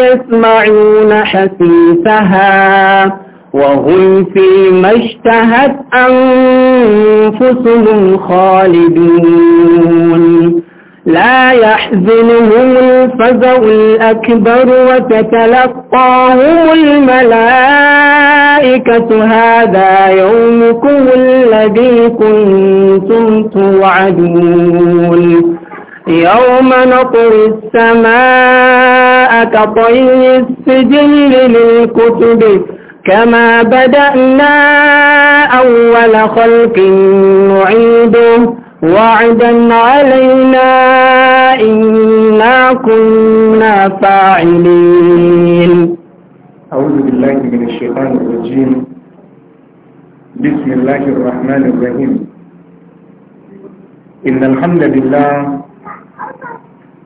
يسمعون حسيسها وهم فيما اشتهت أنفسهم خالدون لا يحزنهم الفزع الأكبر وتتلقاهم الملائكة هذا يومكم الذي كنتم توعدون يوم نطوي السماء كطي السجل للكتب كما بدأنا أول خلق نعيده وعدا علينا إنا كنا فاعلين أعوذ بالله من الشيطان الرجيم بسم الله الرحمن الرحيم إن الحمد لله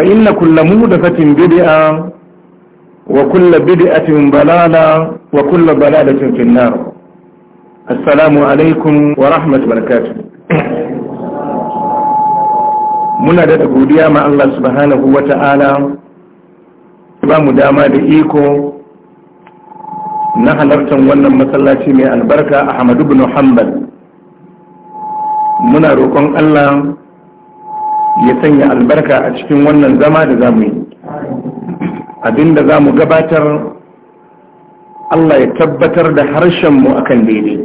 fa inna kulla muhdathatin bid'a wa kulla bid'atin balala wa kulla balalatin fin nar assalamu alaikum wa muna da godiya ma Allah subhanahu wa ta'ala ba mu dama da iko na halartar wannan masallaci mai albarka Ahmadu bin Hanbal muna roƙon Allah ya sanya albarka a cikin wannan zama da zamu yi abinda zamu gabatar Allah ya tabbatar da harshenmu akan daidai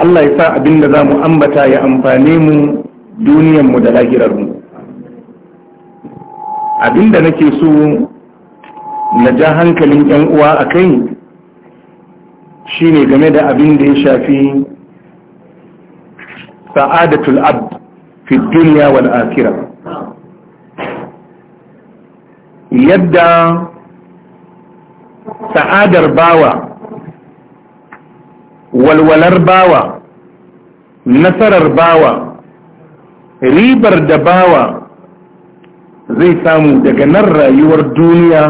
Allah ya sa abinda zamu ambata ya amfane mu duniyar mu da lahirarmu abinda nake so na ja hankalin 'yan uwa a kai shine game da abin da ya shafi sa'adatul abd fi duniya wal yadda sa'adar bawa walwalar bawa nasarar bawa ribar da bawa zai samu daga nan rayuwar duniya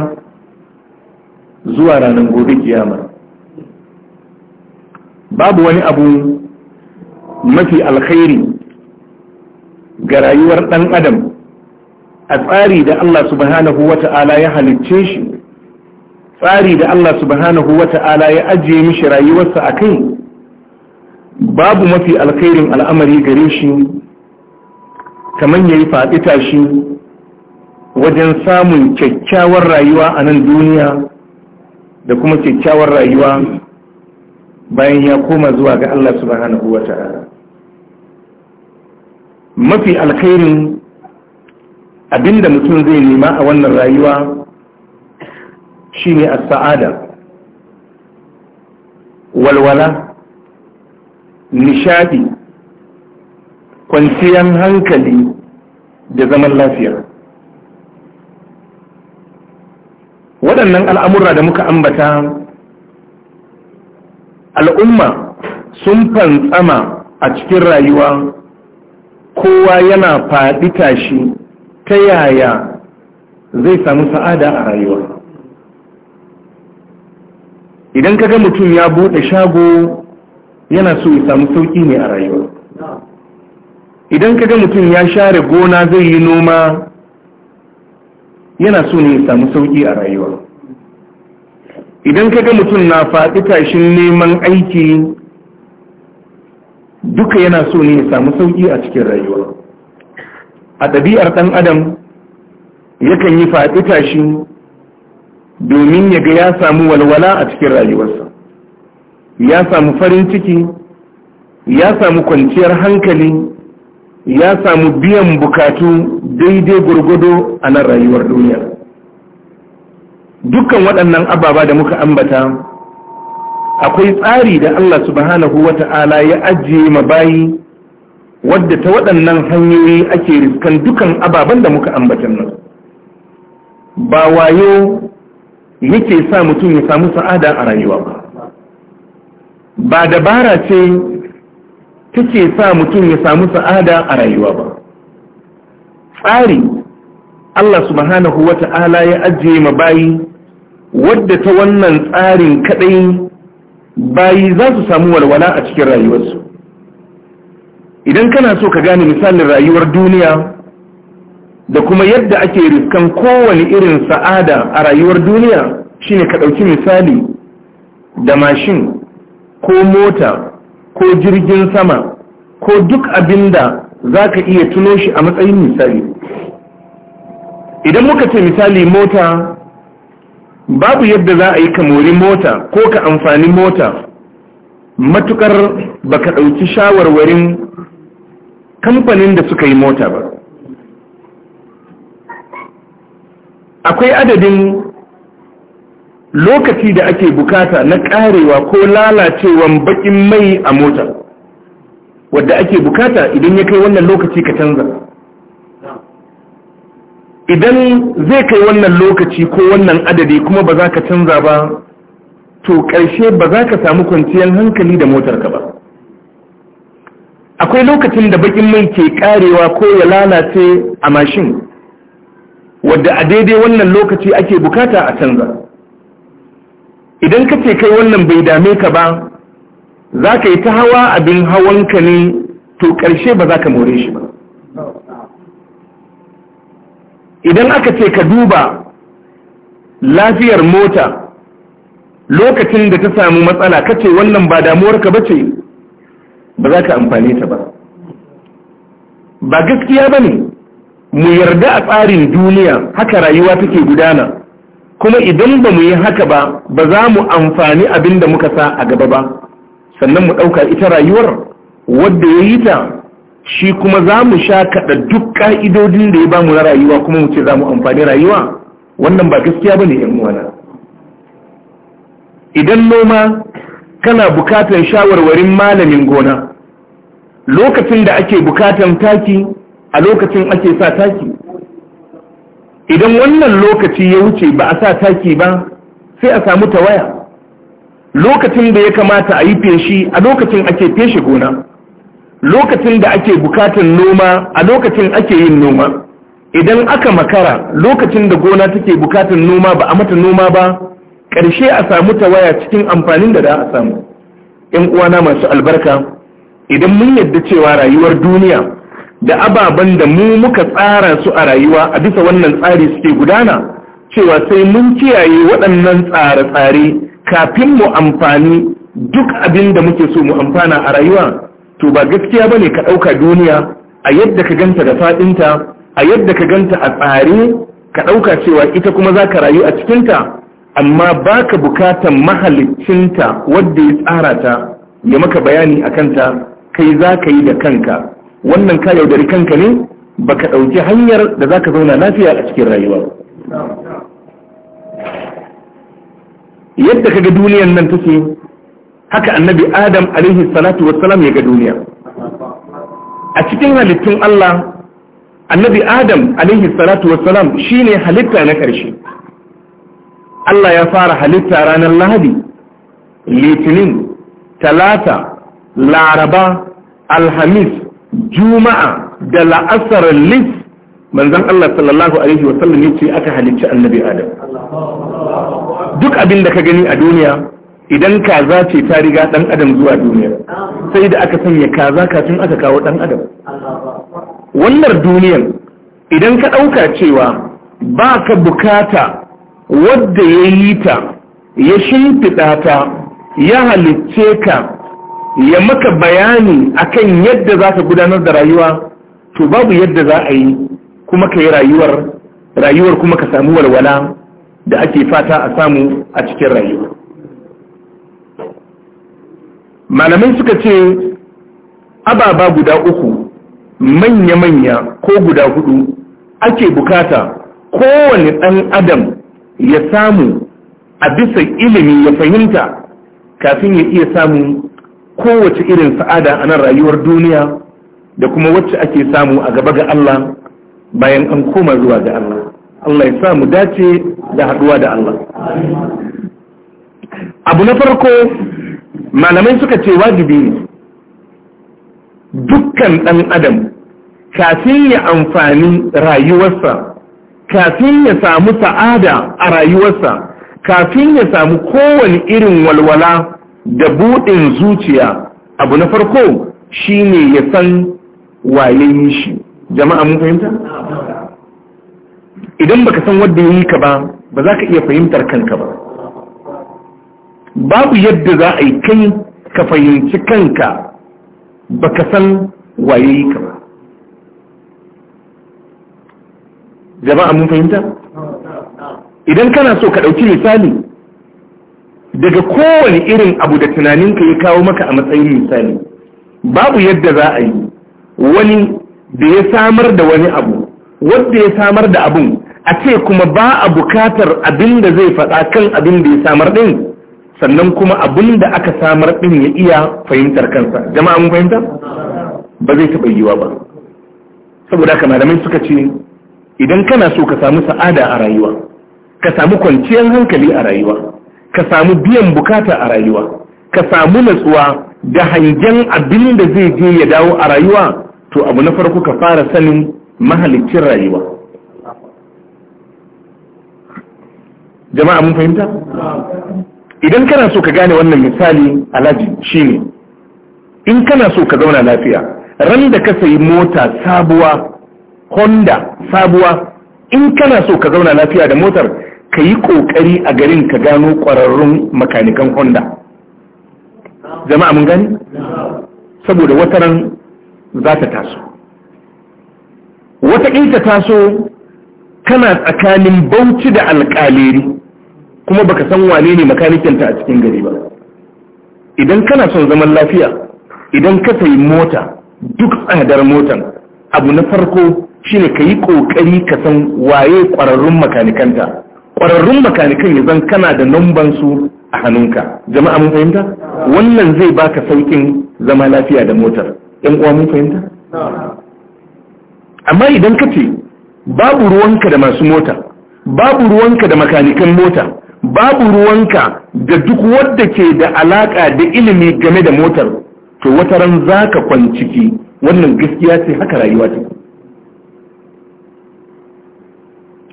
zuwa ranar gobe kiyama babu wani abu mafi alkhairi ga rayuwar ɗan adam a tsari da Allah subhanahu ta'ala ya halicce shi tsari da Allah subhanahu ta'ala ya ajiye mishi rayuwarsa a kai babu mafi alkhairin al'amari gare shi kamar ya yi faɗi tashi wajen samun kyakkyawar rayuwa a nan duniya da kuma kyakkyawar rayuwa bayan ya koma zuwa ga Allah subhanahu ta'ala. mafi alkhairin abinda mutum zai nema a wannan rayuwa shine as-sa'ada walwala nishadi kwanciyar hankali da zaman lafiya waɗannan al'amura da muka ambata al'umma sun fantsama a cikin rayuwa kowa yana faɗi tashi ta yaya zai samu sa'ada a rayuwa idan kaga mutum ya buɗe shago yana so ya samu sauƙi ne a rayuwa idan kaga mutum ya share gona zai yi noma yana so ne ya samu sauƙi a rayuwa idan kaga mutum na faɗi tashin neman aiki duka yana so ne ya samu sauƙi a cikin rayuwa a ɗabi'ar ɗan adam yakan yi faɗi tashi domin ya ga ya samu walwala a cikin rayuwarsa ya samu farin ciki ya samu kwanciyar hankali ya samu biyan bukatu daidai gurgudo a nan rayuwar duniya dukkan waɗannan ababa da muka ambata akwai tsari da Allah subhanahu wa ta'ala ya ajiye ma bayi wadda ta waɗannan hanyoyi ake riskan dukan ababen da muka ambatan nan ba wayo yake sa mutum ya samu sa'ada a rayuwa ba ba dabara ce take sa mutum ya samu sa'ada a rayuwa ba tsari Allah subhanahu wa ta'ala ya ajiye ma bayi wadda ta wannan tsarin kaɗai bayi za su samu walwala a cikin rayuwarsu idan kana so ka gane misalin rayuwar duniya da kuma yadda ake riskan kowane irin sa'ada a rayuwar duniya shine ka ɗauki misali da mashin ko mota ko jirgin sama ko duk abin da za ka iya tuno shi a matsayin misali idan muka ce misali mota babu yadda za a yi ka mori mota ko ka amfani mota matukar baka ɗauki shawarwarin kamfanin da suka yi mota ba akwai adadin lokaci da ake bukata na karewa ko lalacewan bakin mai a mota wadda ake bukata idan ya kai wannan lokaci ka canza idan zai kai wannan lokaci ko wannan adadi kuma ba za ka canza ba to ƙarshe ba za ka samu kwanciyar hankali da motarka ba akwai lokacin da bakin mai ke ƙarewa ko ya lalace a mashin wadda a daidai wannan lokaci ake bukata a canza idan ka ce kai wannan bai dame ka ba za ka yi ta hawa abin hawanka ne to ƙarshe ba za ka more shi ba idan aka ce ka duba lafiyar mota lokacin da ta samu matsala ka ce wannan ba damuwarka ba ce ba za ka amfani ta ba ba gaskiya ba ne mu yarda a tsarin duniya haka rayuwa take gudana kuma idan ba mu yi haka ba ba za mu amfani abin da muka sa a gaba ba sannan mu ɗauka ita rayuwar wadda ya yi ta shi kuma za mu sha kaɗa duk ƙa'idodin da ya bamu na rayuwa kuma mu ce za mu amfani rayuwa wannan ba gaskiya ba ne uwana idan noma kana bukatar shawarwarin malamin gona lokacin da ake bukatar taki a lokacin ake sa taki idan wannan lokaci ya wuce ba a sa taki ba sai a samu tawaya lokacin da ya kamata a yi feshi a lokacin ake feshe gona lokacin da ake bukatun noma a lokacin ake yin noma idan aka makara lokacin da gona take bukatar noma ba a mata noma ba ƙarshe a samu tawaya cikin amfanin da da a samu ‘yan uwana masu albarka idan mun yadda cewa rayuwar duniya da ababen da mu muka tsara su a rayuwa a bisa wannan tsari suke gudana cewa sai mun kiyaye waɗannan tsare-tsare kafin mu amfani duk abin da muke so mu amfana a rayuwa to ba gaskiya ba ne ka ɗauka duniya a yadda ka ganta da faɗinta a yadda ka ganta a tsare ka ɗauka cewa ita kuma za ka rayu a cikinta amma ba ka bukatan mahalicinta wadda ya tsara ta ya maka bayani a kanta kai za ka yi da kanka wannan ka yaudari kanka ne ba ka ɗauki hanyar da za ka zauna lafiya a cikin rayuwa yadda ka ga duniyan nan take haka annabi adam alaihi salatu wassalam ya ga duniya a cikin halittun Allah annabi adam alaihi salatu wassalam shine halitta na ƙarshe Allah ya fara halitta ranar lahadi litinin talata laraba alhamis juma'a da la'asar lis manzan Allah sallallahu alaihi wasallam ya ce aka halicci annabi adam duk abin da ka gani a duniya idan kaza ce ta riga ɗan adam zuwa duniya sai da aka sanya kaza kafin aka kawo dan adam wannan duniyan idan ka ɗauka cewa ba ka bukata wadda ya yi ta ya shimfiɗa ta ya halicce ka ya maka bayani akan yadda za ka gudanar da rayuwa to babu yadda za a yi kuma ka yi rayuwar rayuwar kuma ka samu walwala da ake fata a samu a cikin rayuwa malamai suka ce ababa guda uku manya-manya ko guda hudu ake bukata kowane ɗan adam ya samu a bisa ilimi ya fahimta kafin ya iya samun kowace irin sa'ada a nan rayuwar duniya da kuma wacce ake samu a gaba ga Allah bayan an koma zuwa ga Allah Allah ya samu dace da haduwa da Allah abu na farko malamai suka ce wajibi ne dukkan ɗan adam kafin ya amfani rayuwarsa kafin ya samu sa'ada a rayuwarsa kafin ya samu kowane irin walwala da buɗin zuciya abu na farko shine ya san waye shi jama'a mun fahimta idan baka san wanda yi ka ba ba za ka iya fahimtar kanka ba babu yadda za a yi kai ka fahimci kanka ba ka san waye yi ka ba jama'a mun fahimta idan kana so ka ɗauki misali daga kowane irin abu da tunaninka ya kawo maka a matsayin misali babu yadda za a yi wani da ya samar da wani abu wadda ya samar da abun a ce kuma ba a bukatar abin da zai faɗa kan abin da ya samar ɗin sannan kuma abin da aka samar ɗin ya iya fahimtar kansa jama'a mun fahimta ba zai taɓa yiwa ba saboda haka malamai suka ce idan kana so ka samu sa'ada a rayuwa ka samu kwanciyar hankali a rayuwa ka samu biyan bukata a rayuwa ka samu natsuwa da hangen abin da zai je ya dawo a rayuwa to abu na farko ka fara sanin mahaliccin rayuwa jama'a mun fahimta idan kana so ka gane wannan misali alhaji shine in kana so ka zauna lafiya ran da ka sayi mota sabuwa honda sabuwa in kana so ka zauna lafiya da motar ka yi kokari a garin ka gano kwararrun makanikan honda jama'a mun gani saboda wataran za ta taso wata ta taso kana tsakanin bauchi da alƙaliri. kuma baka san wane ne ta a cikin gari ba idan kana son zaman lafiya idan ka sayi mota duk tsadar motan abu na farko shine ka yi ƙoƙari ka san waye ƙwararrun makanikanta ƙwararrun makanikan ya zan kana da su a hannunka jama'a mun fahimta wannan zai baka saukin zama lafiya da motar ɗan uwa mun fahimta amma idan ka ce babu ruwanka da masu mota babu ruwanka da makanikan mota babu ruwanka da duk wadda ke da alaƙa da ilimi game da motar to wata ran za ka kwanciki wannan gaskiya ce haka rayuwa ce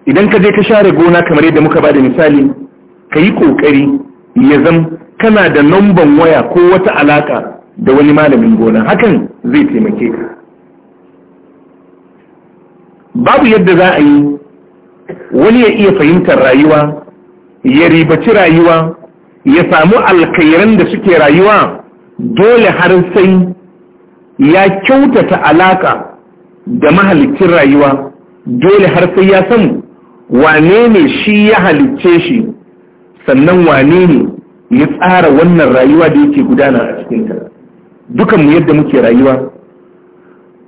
idan ka je ka share gona kamar yadda muka ba da misali ka yi ƙoƙari ya zam kana da namban waya ko wata alaƙa da wani malamin gona hakan zai taimake ka babu yadda za a yi wani ya iya fahimtar rayuwa ya ribaci rayuwa ya samu alkhairan da suke rayuwa dole har sai ya kyautata alaka da mahalicin rayuwa dole har sai ya san wane ne shi ya halicce shi sannan wane ne ya tsara wannan rayuwa da yake gudana a cikinta dukanmu yadda muke rayuwa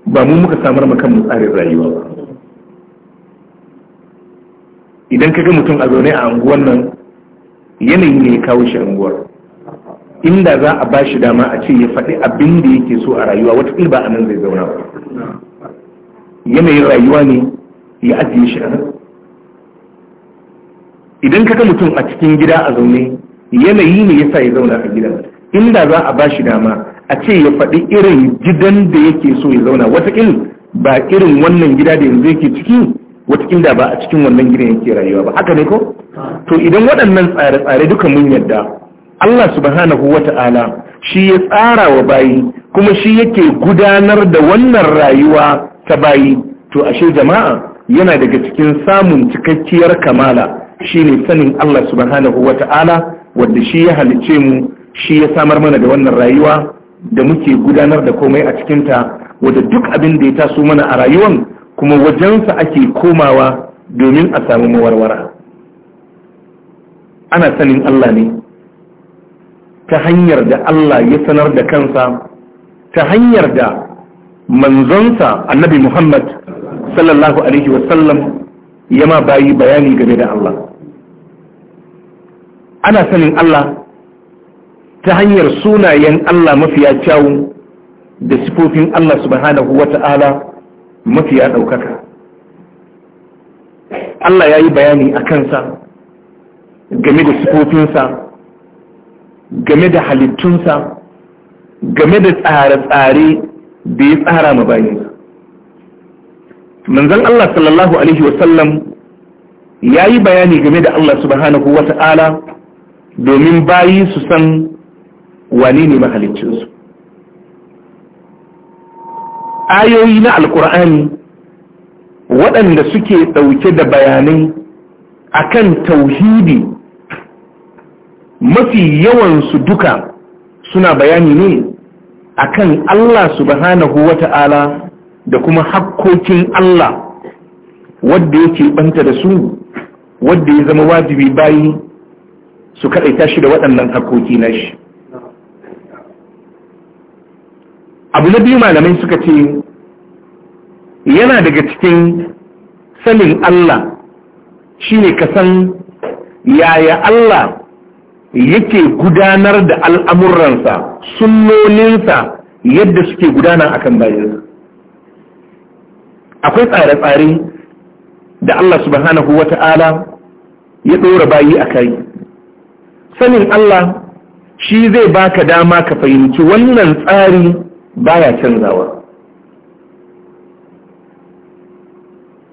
ba mu muka samar makan mu tsarin rayuwa ba idan ka ga mutum a zaune a anguwan nan yanayi ne ya kawo shi anguwar inda za a ba shi dama a ce ya faɗi abin da yake so a rayuwa wata ba a nan zai zauna ba yanayin rayuwa ne ya ajiye shi a nan idan ka ga mutum a cikin gida a zaune yanayi ne ya sa ya zauna a gidan inda za a ba shi dama a ce ya faɗi irin gidan da yake so ya zauna wata ba irin wannan gida da yanzu yake ciki Wataƙila ba a cikin wannan gidan yake rayuwa ba haka ne ko to idan waɗannan tsare-tsare duka mun yadda Allah subhanahu ta'ala shi ya tsara wa bayi kuma shi yake gudanar da wannan rayuwa ta bayi to ashe jama'a yana daga cikin samun cikakkiyar kamala shine sanin Allah subhanahu ta'ala wanda shi ya halice mu shi ya samar mana da wannan rayuwa da muke gudanar da komai a cikinta wadda duk abin da ya taso mana a rayuwan kuma wajensa ake komawa domin a samu mawarwara ana sanin Allah ne ta hanyar da Allah ya sanar da kansa ta hanyar da manzonsa annabi Muhammad sallallahu alaihi wasallam ya ma bayi bayani game da Allah ana sanin Allah ta hanyar sunayen Allah mafiya kyawun da sifofin Allah subhanahu wa ta'ala Mafi ya ɗaukaka Allah ya yi bayani a kansa game da sifofinsa game da halittunsa game da tsare-tsare da ya tsara ma bayansa manzan Allah sallallahu Alaihi wasallam ya yi bayani game da Allah subhanahu wa ta'ala domin bayi su san wane ne mahalicinsu ayoyi na alkur'ani waɗanda suke ɗauke da bayanai akan tauhidi mafi yawansu duka suna bayani ne akan Allah subhanahu ta'ala da kuma hakkokin Allah wadda yake banta da su wadda ya zama wajibi bayi su kaɗaita shi da waɗannan hakkoki na shi abu na biyu malamai suka ce yana daga cikin sanin Allah shine ka san yaya Allah yake gudanar da al'amuransa sunnoninsa yadda suke gudana a kan bayansa akwai tsare-tsare da Allah subhanahu wa ta'ala ya ɗora bayi a kai sanin Allah shi zai baka dama ka fahimci wannan tsari baya canzawa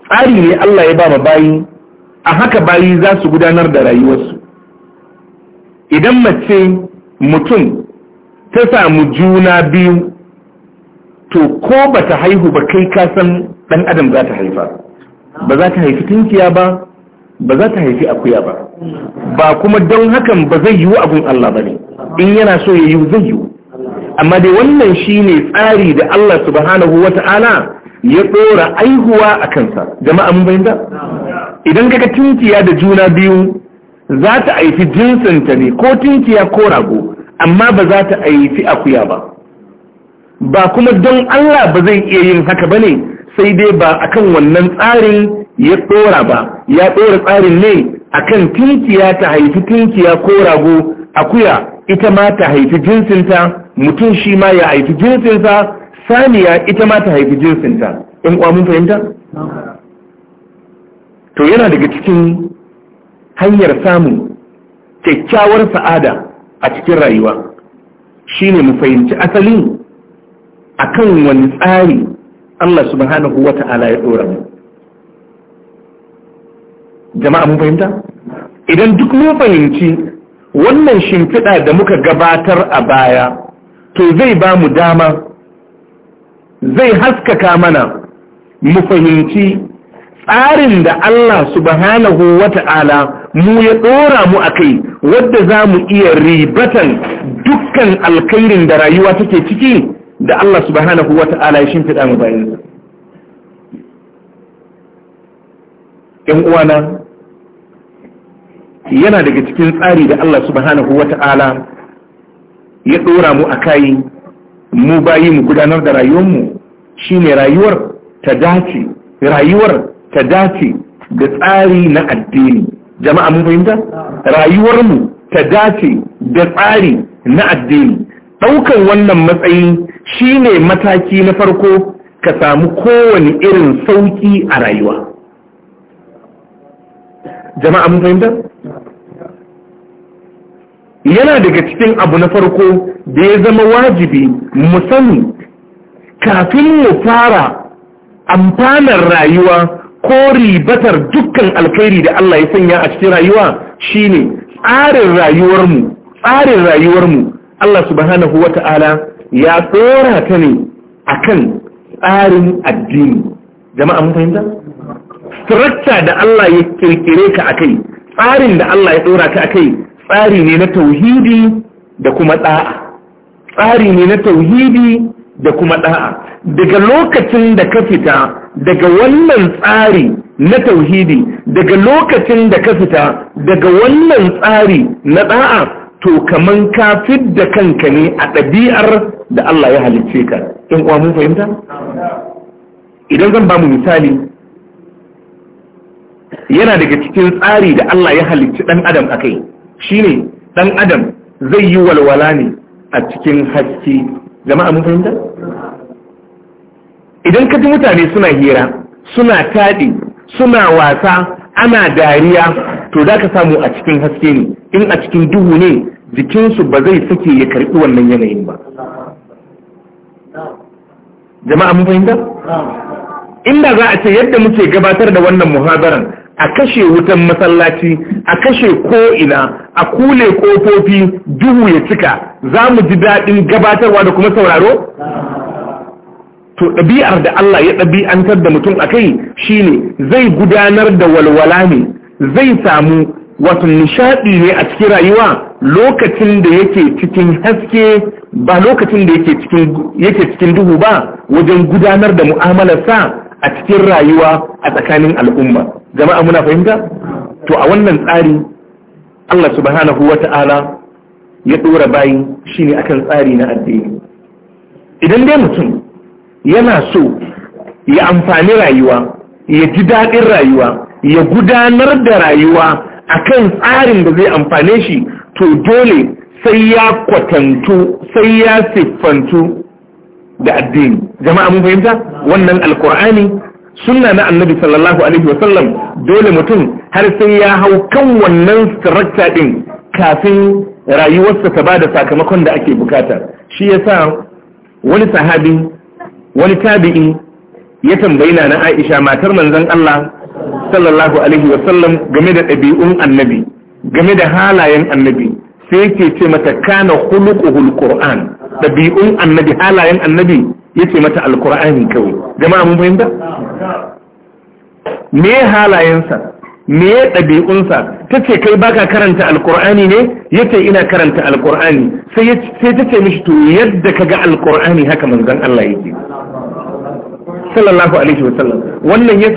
tsari ne Allah ya ba ma bayi a haka bayi za su gudanar da rayuwarsu idan mace mutum ta samu juna biyu to ko ba ta haihu ba kai kasan ɗan adam za ta haifa ba za ta haifi tunkiya ba ba za ta haifi akuya ba ba kuma don hakan ba zai yiwu abin Allah ba ne in yana so ya yiwu zai yiwu amma dai wannan shi ne tsari da Allah subhanahu ta'ala ya ɗora aihuwa a kansa jama'a mun bayyana idan kaga tinkiya da juna biyu za ta aifi jinsinta ne ko tinkiya ko rago amma ba za ta aifi akuya ba ba kuma don Allah ba zai iya yin haka ba ne, sai dai ba a kan wannan tsarin ya ɗora ba ya ɗora tsarin ne a kan tinkiya ta haifi tinkiya ko rago akuya ita ma ta haifi jinsinta mutum shi ma ya haifi jinsinsa saniya ita ma ta haifi jinsinta in kwa mun fahimta to yana daga cikin hanyar samun kyakkyawar sa'ada a cikin rayuwa shi ne mu fahimci asalin a kan wani tsari Allah subhanahu wa ta'ala ya dora mu jama'a mun fahimta idan duk mun fahimci wannan shimfiɗa da muka gabatar a baya to zai ba mu dama zai haskaka mana mu fahimci tsarin da Allah subhanahu wata'ala mu ya ɗora mu a kai wadda za mu iya ribatan dukkan alkairin da rayuwa take ciki da Allah subhanahu wata'ala ya fiɗa mu bayansa. ‘Yan uwana yana daga cikin tsari da Allah subhanahu wata'ala ya ɗora mu a kayi mu bayi mu gudanar da rayuwarmu shi ne rayuwar ta dace rayuwar ta dace da tsari na addini jama'a mun fahimta rayuwarmu ta dace da tsari na addini ɗaukan wannan matsayi shi ne mataki na farko ka samu kowane irin sauki a rayuwa jama'a mun fahimta yana daga cikin abu na farko da ya zama wajibi mu sani kafin mu fara amfanar rayuwa ko ribatar dukkan alkhairi da Allah ya sanya a cikin rayuwa shine tsarin rayuwarmu tsarin rayuwarmu Allah subhanahu wata'ala ya tsora ta ne akan tsarin addini jama'a mun fahimta structure da Allah ya kirkire ka akai tsarin da Allah ya tsora ka akai tsari ne na tauhidi da kuma ɗa'a tsari ne na tauhidi da kuma ɗa'a daga lokacin da ka fita daga wannan tsari na tauhidi daga lokacin da ka fita daga wannan tsari na ɗa'a to kaman ka da kanka ne a ɗabi'ar da Allah ya halicce ka in uwa mun fahimta idan zan ba mu misali yana daga cikin tsari da Allah ya halicci ɗan adam a kai shine dan adam zai yi walwala ne a cikin haske jama'a mun fahimta idan ka ji mutane suna hira suna taɗi suna wasa ana dariya to za ka samu a cikin haske ne in a cikin duhu ne jikinsu ba zai sake ya karɓi wannan yanayin ba jama'a mun fahimta inda za a ce yadda muke gabatar da wannan muhazaran a kashe wutan masallaci a kashe ko'ina a kule kofofi duhu ya cika za mu ji daɗin gabatarwa da kuma sauraro? to ɗabi'ar da Allah ya ɗabi'antar da mutum a kai shi ne zai gudanar da walwala ne zai samu wasu nishaɗi ne a cikin rayuwa lokacin da yake cikin haske ba lokacin da yake cikin duhu ba wajen gudanar da mu'amalarsa a cikin rayuwa a tsakanin al'umma jama'a muna fahimta to a wannan tsari Allah subhanahu wa ta'ala ya ɗora bayi shine akan tsari na addini idan dai mutum yana so ya amfani rayuwa ya ji daɗin rayuwa ya gudanar da rayuwa akan tsarin da zai amfane shi to dole sai ya kwatantu sai ya siffantu da addini jama'a mun fahimta wannan alkur'ani sunna na annabi sallallahu alaihi wasallam dole mutum har sai ya hau kan wannan structure din kafin rayuwarsa ta bada sakamakon da ake bukata shi yasa wani sahabi wani tabi'i ya tambayi na Aisha matar manzon Allah sallallahu alaihi wasallam game da ɗabi'un annabi game da halayen annabi sai yake ce mata kana khuluquhul qur'an ɗabi'un annabi halayen annabi yace mata alkur'ani kawai jama'a mun fahimta me halayensa me ɗabi'unsa ta ce kai baka karanta alkur'ani ne Yace ina karanta alkur'ani sai ta ce mishi to yadda ka ga alkur'ani haka manzan Allah yake sallallahu alaihi wasallam wannan ya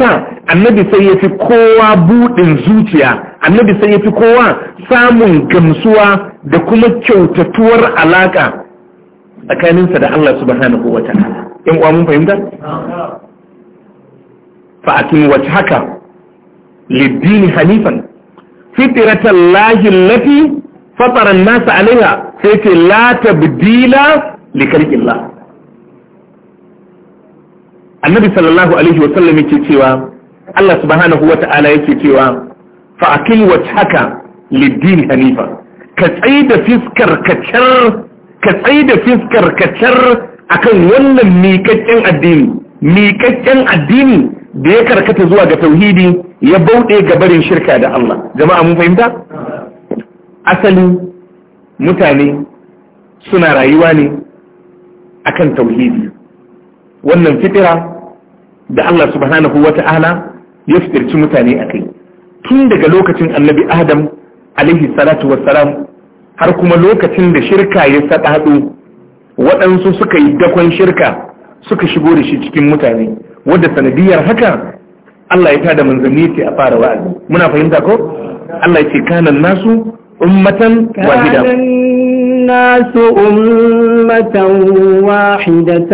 annabi sai ya fi kowa buɗin zuciya annabi sai ya fi kowa samun gamsuwa da kuma kyautatuwar alaƙa tsakaninsa da Allah subhanahu wa ta'ala in uwa mun fahimta fa atim wajhaka haka din hanifan fitratan lahi allati fatara an-nas 'alayha sai ce la tabdila li khalqillah annabi sallallahu alaihi wa sallam yake cewa Allah subhanahu wa ta'ala yake cewa fa akim wajhaka haka din hanifa ka da fiskar ka ka tsaye da fiskar ka car akan wannan miƙaƙƙen addini miƙaƙƙen addini da ya karkata zuwa ga tauhidi ya bauɗe ga barin shirka da Allah jama'a mun fahimta asali mutane suna rayuwa ne kan tauhidi wannan fitira da Allah subhanahu wata'ala ya fitirci mutane akai tun daga lokacin annabi Adam alaihi salatu wassalam har kuma lokacin da shirka ya saɗaɗo waɗansu suka yi dakon shirka suka shigo da shi cikin mutane wadda sanadiyar haka Allah ya tada manzanni ce a fara wa'azi muna fahimta ko Allah ya ce kanan nasu ummatan wahida nasu الناس أمة واحدة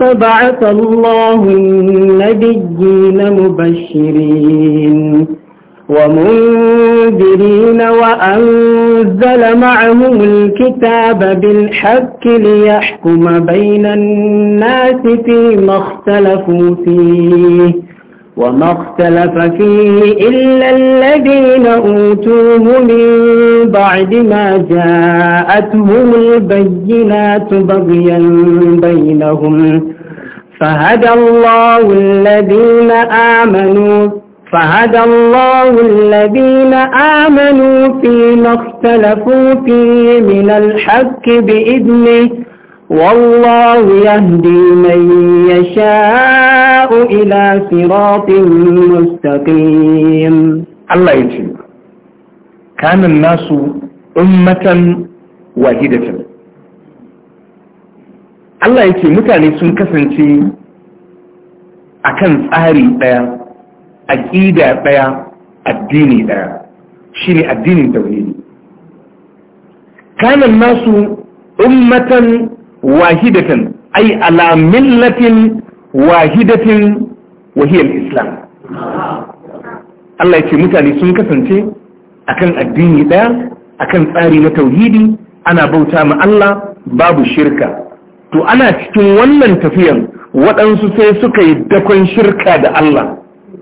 فبعث الله النبيين مبشرين ومنذرين وأنزل معهم الكتاب بالحق ليحكم بين الناس فيما اختلفوا فيه وما اختلف فيه إلا الذين أوتوه من بعد ما جاءتهم البينات بغيا بينهم فهدى الله الذين آمنوا فهدى الله الذين آمنوا فيما اختلفوا فيه من الحق بإذنه والله يهدي من يشاء إلى صراط مستقيم الله يجيب كان الناس أمة واحدة الله yake متى sun kasance a kan tsari aƙida ɗaya addini ɗaya shi ne addinin tauhidi kanan nasu ummatan wahidatan ai ala millatin wahidatin wahiyar islam Allah ya ce mutane sun kasance akan addini ɗaya akan tsari na tauhidi ana bauta ma Allah babu shirka to ana cikin wannan tafiyan waɗansu sai suka yi dakon shirka da Allah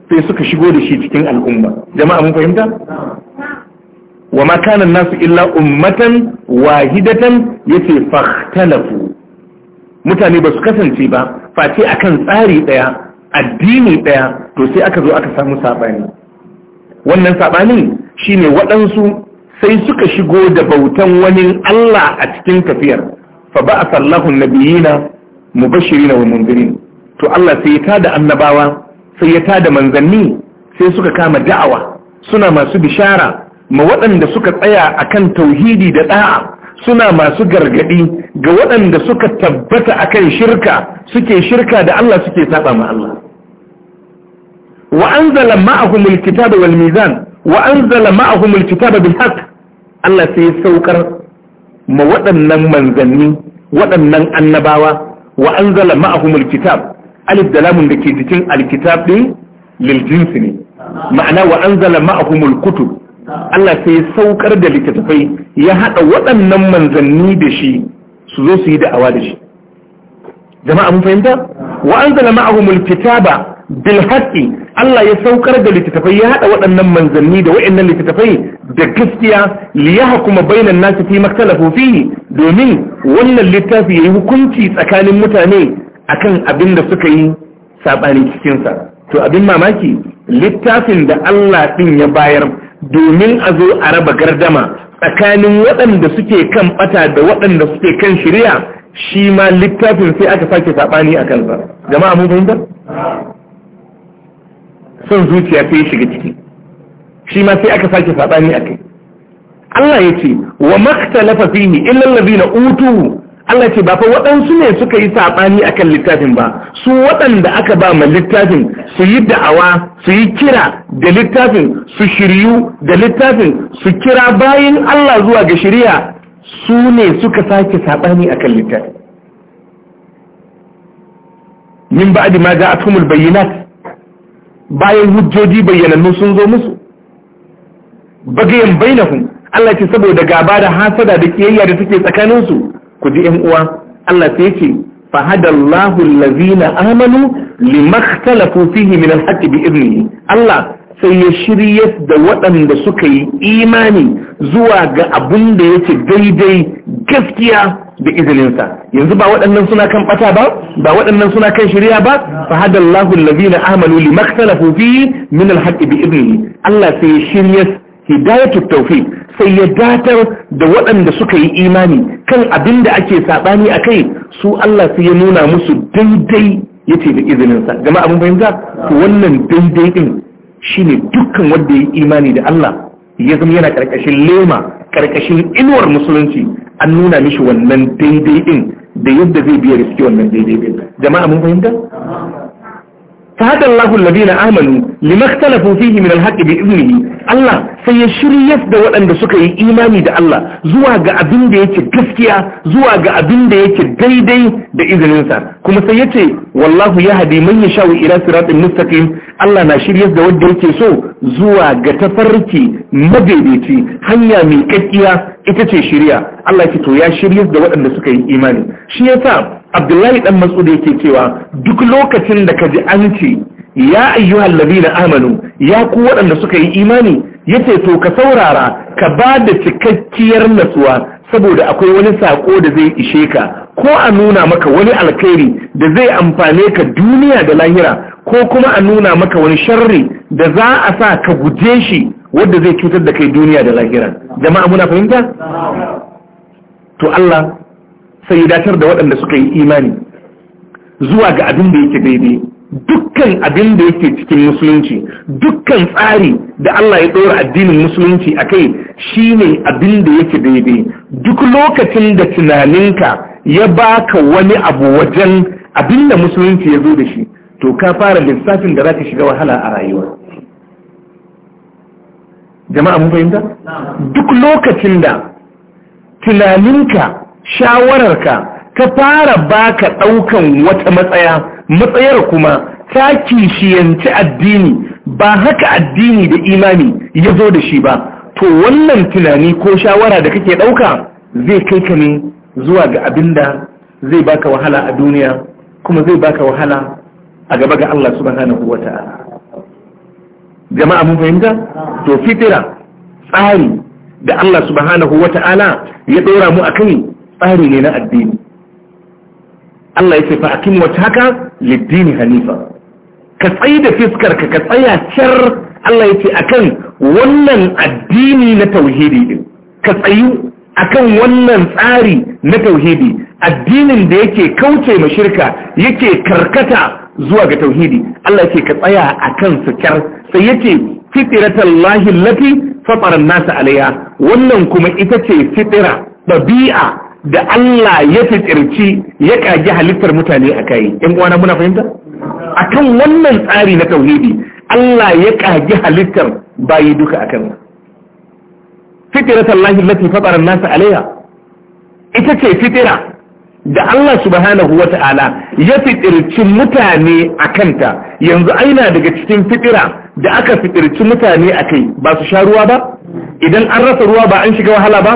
sai suka shigo da shi cikin al'umma jama'a mun fahimta wa ma kana nasu illa ummatan wahidatan yace fahtalafu mutane ba su kasance ba face akan tsari daya addini daya to sai aka zo aka samu sabani wannan sabanin shine waɗansu sai suka shigo da bautan wani Allah a cikin tafiyar fa ba'atha nabiyina mubashirin wa mundirin to Allah sai ya tada annabawa sai ya tada manzanni sai suka kama da'awa suna masu bishara ma waɗanda suka tsaya akan tauhidi da ɗa'a suna masu gargaɗi ga waɗanda suka tabbata akan shirka suke shirka da Allah suke saba ma Allah wa anzala ma'ahum alkitaba wal mizan wa anzala ma'ahum alkitaba bil haqq Allah sai saukar ma waɗannan manzanni waɗannan annabawa wa anzala ma'ahum alkitab alif da lamun da ke jikin alkitab din lil ne ma'ana wa anzala ma'ahumul Allah sai ya saukar da littattafai ya hada waɗannan manzanni da shi su zo su yi da'awa da shi jama'a mun fahimta wa anzala ma'ahumul kitaba bil haqqi Allah ya saukar da littattafai ya hada waɗannan manzanni da waɗannan littattafai da gaskiya li yahkuma bainan nasi fi maktalafu fihi domin wannan littafi yayi hukunci tsakanin mutane akan abin da suka yi saɓani cikinsa to abin mamaki littafin da Allah ɗin ya bayar domin a zo a raba gardama tsakanin waɗanda suke kan ɓata da waɗanda suke kan shirya shi ma littafin sai aka sake saɓani a kansa jama'a mun fahimta son zuciya sai shiga ciki shi ma sai aka sake saɓani a kai Allah ya ce wa maktalafa fihi illal ladina utu. Allah ce ba fa waɗansu ne suka yi saɓani a kan littafin ba su waɗanda aka ba ma littafin su yi da'awa su yi kira da littafin su shiryu da littafin su kira bayan Allah zuwa ga shirya su ne suka sake saɓani a akan littafin min ba'di ma ja'atuhumul bayyinat bayan hujjoji bayyanannu sun zo musu bagayen bainahum Allah ce saboda gaba da hasada da kiyayya da suke tsakaninsu ku ji yan uwa Allah sai yake fa hadallahu amanu limakhtalafu fihi min alhaqqi bi idnihi Allah sai ya shiryar da waɗanda suka yi imani zuwa ga abin da yake daidai gaskiya da izininsa yanzu ba waɗannan suna kan ɓata ba ba waɗannan suna kan shirya ba fa hadallahu amanu limakhtalafu fihi min alhaqqi bi idnihi Allah sai ya shiryar hidayatu tawfiq sai ya datar da waɗanda suka yi imani kan abin da ake saɓani a kai su Allah sai ya nuna musu daidai ya ce da izininsa Jama'a abin fahimta wannan daidai ɗin shine dukkan wanda ya yi imani da Allah ya zama yana ƙarƙashin lema ƙarƙashin inuwar musulunci an nuna mishi wannan daidai ɗin da yadda zai biya riski wannan daidai din. jama'a mun fahimta fahadar lahun labina amanu limaktalafu fihi min alhaƙi bi izini Allah sai ya shiryar da waɗanda suka yi imani da Allah zuwa ga abinda da yake gaskiya zuwa ga abin da yake daidai da izininsa kuma sai ya ce wallahu ya hadi man ya shawo ila siratin mustaqim Allah na shiryar da wanda yake so zuwa ga tafarki madaidaici hanya mai ƙaƙƙiya ita ce shirya Allah ya to ya shiryar da waɗanda suka yi imani shi yasa abdullahi dan mas'ud yake cewa duk lokacin da kaji an ce ya ayyuhal ladina amanu ya ku waɗanda suka yi imani ya ce to ka saurara ka ba da cikakkiyar nasuwa saboda akwai wani sako da zai ishe ka ko a nuna maka wani alkhairi da zai amfane ka duniya da lahira ko kuma a nuna maka wani sharri da za a sa ka guje shi wadda zai cutar da kai duniya da lahira jama'a muna fahimta to Allah sai ya datar da waɗanda suka yi imani zuwa ga abin da yake daidai dukkan abin da yake cikin musulunci dukkan tsari da Allah ya ɗora addinin musulunci a kai shi ne abin da yake daidai duk lokacin da tunaninka ya baka wani abu wajen abin da musulunci ya zo da shi to ka fara lissafin da za shiga wahala a rayuwa jama'a mun fahimta duk lokacin da tunaninka shawararka ka fara baka ɗaukan wata matsaya matsayar kuma ta kishiyanci addini ba haka addini da imani ya zo da shi ba to wannan tunani ko shawara da kake ɗauka zai kai ka ne zuwa ga abin da zai baka wahala a duniya kuma zai baka wahala a gaba ga Allah subhanahu wa ta'ala jama'a mun fahimta to fitira tsari da Allah subhanahu wa ta'ala ya ɗora mu a kai tsari ne na addini Allah ya ce fa akim wata haka liddini hanifa ka tsayi da fiskar ka ka tsaya cer Allah ya ce akan wannan addini na tauhidi din ka tsayu akan wannan tsari na tauhidi addinin da yake kauce ma shirka yake karkata zuwa ga tauhidi Allah ce ka tsaya akan su kyar sai yake fitratallahi allati nasa alaiha wannan kuma ita ce fitira dabi'a da Allah ya fitirci ya kagi halittar mutane a kai ƴan uwana muna fahimta A kan wannan tsari na tauhidi Allah ya kage halittar bayi duka akan fitratallahi allati fatara an nasa alaiha ita ce fitira da Allah subhanahu wa ta'ala ya fitirci mutane a kanta yanzu aina daga cikin fitira da aka fitirci mutane a kai ba su sha ruwa ba idan an rasa ruwa ba an shiga wahala ba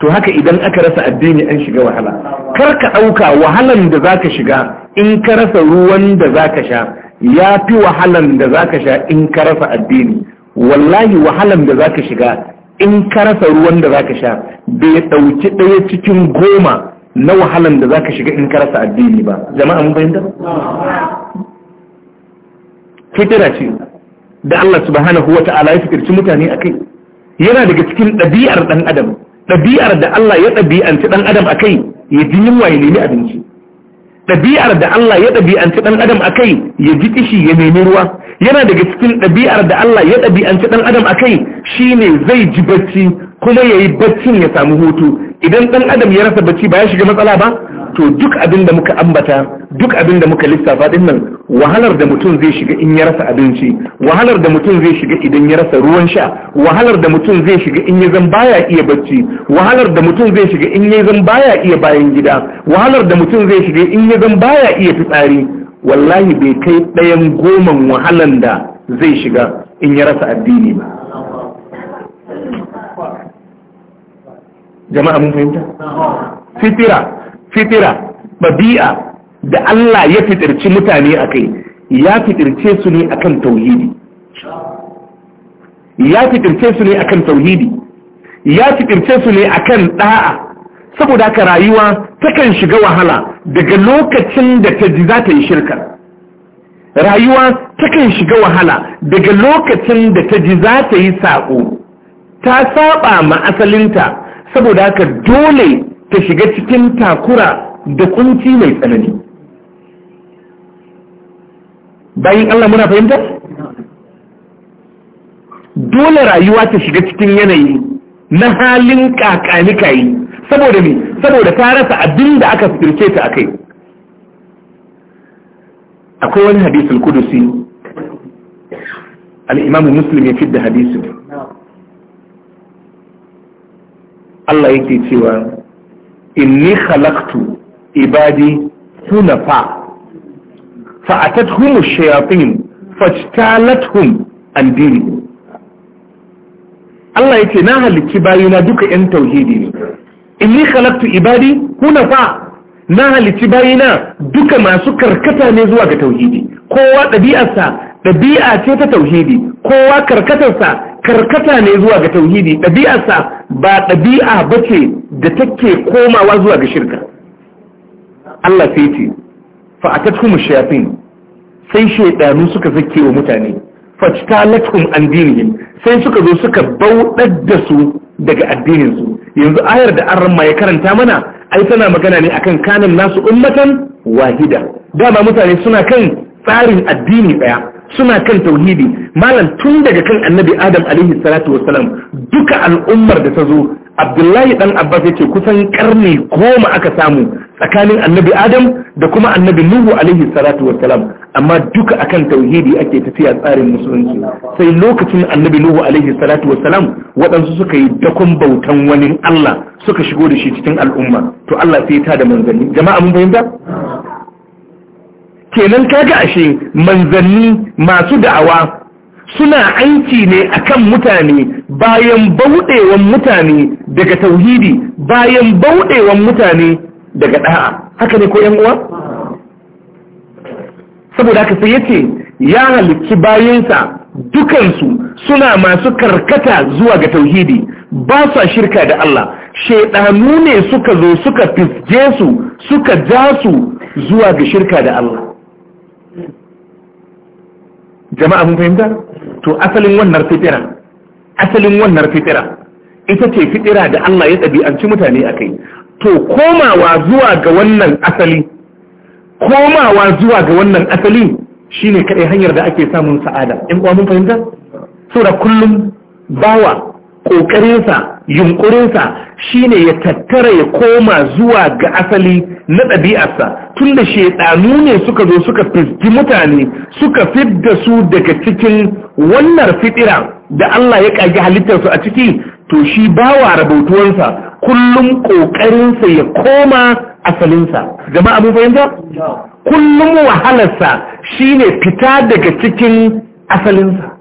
to haka idan aka rasa addini an shiga wahala kar ka ɗauka wahalan da za ka shiga in ka rasa ruwan da za ka sha ya fi wahalan da za ka sha in ka rasa addini wallahi wahalan da za ka shiga in ka rasa ruwan da za ka sha bai ɗauki ɗaya cikin goma na wahalan da za ka shiga in ka rasa addini ba jama'a mun fahimta fitira ce da Allah subhanahu wa ya fikirci mutane a kai yana daga cikin ɗabi'ar ɗan adam ɗabi'ar da Allah ya ɗabi'anci ɗan adam a kai ya ji yunwa ya nemi abinci ɗabi'ar da Allah ya ɗabi'anci ɗan adam a kai ya ji kishi ya nemi ruwa yana daga cikin ɗabi'ar da Allah ya ɗabi'anci ɗan adam a kai shi ne zai ji bacci kuma ya yi baccin ya samu hutu idan ɗan adam ya rasa bacci ba ya shiga matsala ba to duk abin da muka ambata duk abin da muka lissafa ɗin nan wahalar da mutum zai shiga in ya rasa abinci wahalar da mutum zai shiga idan ya rasa ruwan sha wahalar da mutum zai shiga in ya zan baya iya bacci wahalar da mutum zai shiga in ya zan baya iya bayan gida wahalar da mutum zai shiga in ya zan baya iya fitsari wallahi bai kai ɗayan goman wahalan da zai shiga in ya rasa addini ba jama'a mun fahimta fitira fitira babi'a da Allah ya fitirci mutane a kai ya fitirce su ne a kan tauhidi ya fitirce su ne kan tauhidi ya fitirce su ne kan da'a saboda haka rayuwa takan shiga wahala daga lokacin da ta ji za ta yi shirka rayuwa takan shiga wahala daga lokacin da ta ji za ta yi saƙo ta saba ma asalinta saboda haka dole ta shiga cikin takura da kunci mai tsanani bayan Allah muna fahimta dole rayuwa ta shiga cikin yanayi na halin kakanika yi saboda me saboda ta rasa abin da aka firce ta akai akwai wani hadisul kudusi al musulmi ya fidda hadisin Allah yake cewa inni khalaqtu ibadi hunafa shayafin الشياطين فاجتالتهم عن دينهم Allah yace na halicci bayina duka ‘yan tauhidi ne, inni khalaqtu ibadi hunafa na halicci bayina duka masu karkata ne zuwa ga tauhidi, kowa ɗabi'arsa ɗabi'a ce ta tauhidi, kowa karkatarsa karkata ne zuwa ga tauhidi, ɗabi'arsa ba ɗabi'a ba ce da take komawa zuwa ga shirka. Allah sai ce, fa atatkum shayatin sai shaydanu suka zake wa mutane fajtalatum an dinihim sai suka zo suka bauɗar da su daga addinin su yanzu ayar da ma ya karanta mana ai tana magana ne akan kanin nasu ummatan wahida dama mutane suna kan tsarin addini daya suna kan tauhidi malam tun daga kan annabi adam alaihi salatu Wasalam, duka al'ummar da ta zo abdullahi dan abbas yace kusan karni goma aka samu tsakanin annabi adam da kuma annabi nuhu alaihi salatu wassalam amma duka akan tauhidi ake tafiya tsarin musulunci sai lokacin annabi nuhu alaihi salatu wassalam waɗansu suka yi dakon bautan wani allah suka shigo da shi cikin al'umma to allah sai ta da manzanni jama'a mun fahimta kenan kaga ashe manzanni masu da'awa suna aiki ne akan mutane bayan bauɗewan mutane daga tauhidi bayan bauɗewan mutane daga ɗa'a haka ne ko yan uwa saboda haka sai yace ya halicci bayansa dukansu suna masu karkata zuwa ga tauhidi ba sa shirka da Allah shaidanu ne suka zo suka fisge su suka ja su zuwa ga shirka da Allah jama'a mun fahimta to asalin wannan fitira asalin wannan fitira ita ce fitira da Allah ya ɗabi'anci mutane a kai to komawa zuwa ga wannan asali komawa zuwa ga wannan asali shine kaɗai hanyar da ake samun sa'ada in kuwa mun fahimta saboda kullum bawa ƙoƙarinsa yunƙurinsa shine ya tattara ya koma zuwa ga asali na ɗabi'arsa tun da shaidanu ne suka zo suka fiski mutane suka fidda su daga cikin wannan fitira da Allah ya ƙage halittarsu a ciki to shi bawa rabautuwansa kullum ƙoƙarinsa ya koma asalinsa jama'a mun fahimta kullum wahalarsa shine fita daga cikin asalinsa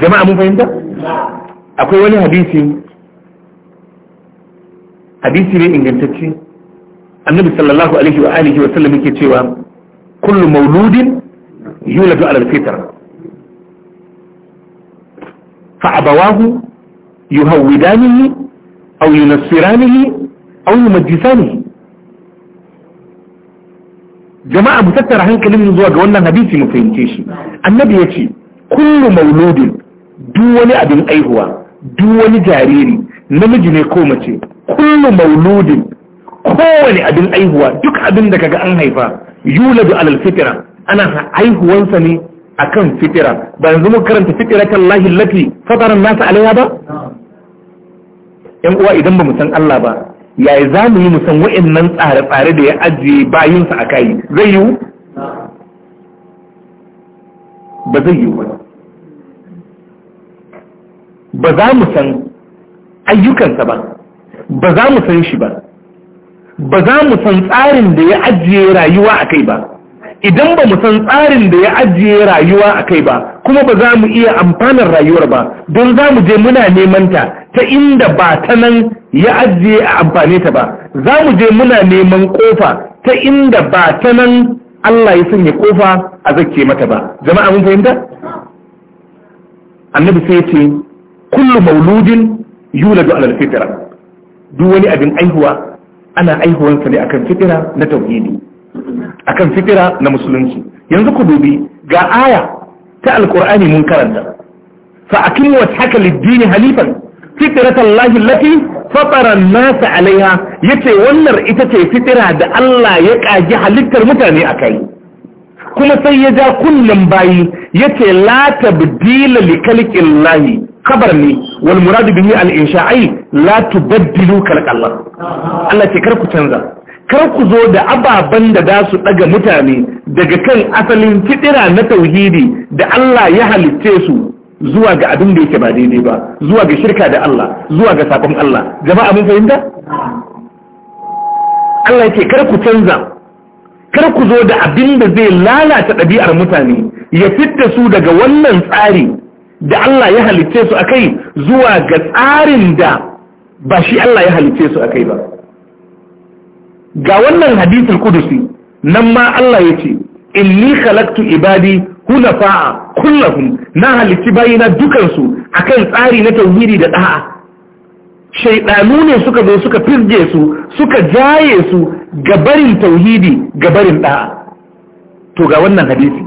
jama'a mun fahimta akwai wani hadisi hadisi ne ingantacce annabi sallallahu alaihi wa alihi wa sallam yake cewa kullu mauludin yuladu ala alfitra fa abawahu yuhawidanihi aw yunassiranihi aw yumajjisanihi jama'a mu tattara hankalin zuwa ga wannan hadisi mu fahimce shi annabi yace kullu mauludin duk wani abin aihuwa duk wani jariri namiji ne ko mace kullu mauludin kowane abin aihuwa duk abin da kaga an haifa yuladu alal fitra ana haihuwansa ne akan fitira ba yanzu mu karanta kan lahi lati fataran nasa alaiya ba yan uwa idan ba mu san Allah ba yayi za mu yi mu san wa'annan tsare-tsare da ya ajiye bayinsa a kai zai yiwu ba zai yiwu ba ba za mu san ayyukansa ba ba za mu san shi ba ba za mu san tsarin da ya ajiye rayuwa a kai ba idan ba mu san tsarin da ya ajiye rayuwa a kai ba kuma ba za mu iya amfanar rayuwar ba don za mu je muna neman ta ta inda ba ta nan ya ajiye a amfane ta ba za mu je muna neman kofa ta inda ba ta nan Allah ya sanya kofa a zakke mata ba jama'a mun fahimta annabi sai ce Kullum mauludin yuladu alal fitra duk wani abin aihuwa ana aihuwansa ne akan fitira na tauhidi akan fitira na musulunci yanzu ku dubi ga aya ta alkur'ani mun karanta fa akim wa haka lid-dini halifan fitratan lahi lati fatara an-nas 'alayha yace wannan ita ce fitira da Allah ya kaji halittar mutane akai kuma sai ya ja kullum bayi yace la tabdila li kabar ne wal muradu bihi al insha'ai la tubaddilu Allah Allah ce kar ku canza kar ku zo da ababan da za su daga mutane daga kan asalin fitira na tauhidi da Allah ya halitte su zuwa ga abin da yake ba daidai ba zuwa ga shirka da Allah zuwa ga sakon Allah jama'a mun fahimta Allah yake kar ku canza kar ku zo da abin da zai lalata ɗabi'ar mutane ya fitta su daga wannan tsari da Allah ya halitte su akai zuwa ga tsarin da ba shi Allah ya halitte su akai ba ga wannan hadisul kudusi nan ma Allah ya ce inni khalaqtu ibadi hunafa'a kullahum na halitti bayina dukansu akan tsari na tauhidi da da'a Shaiɗanu ne suka zo suka firge su suka jaye su gabarin tauhidi ga barin da'a to ga wannan hadisi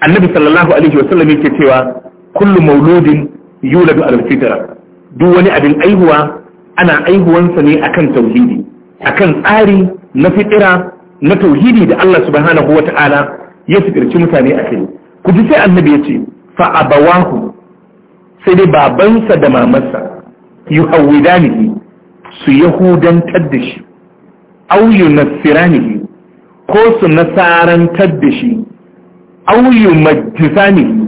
annabi sallallahu alaihi wasallam yake cewa Kullum mauludin yuladu alfitra duk wani abin aihuwa ana aihuwansa ne akan tauhidi akan tsari na fitira na tauhidi da Allah subhanahu ta'ala ya fitirci mutane a kai ku ji sai annabi ya ce fa abawahu sai dai babansa da mamarsa yuhawidanihi su yahudantar da shi au yunassiranihi ko su nasarantar da shi au yumajjisanihi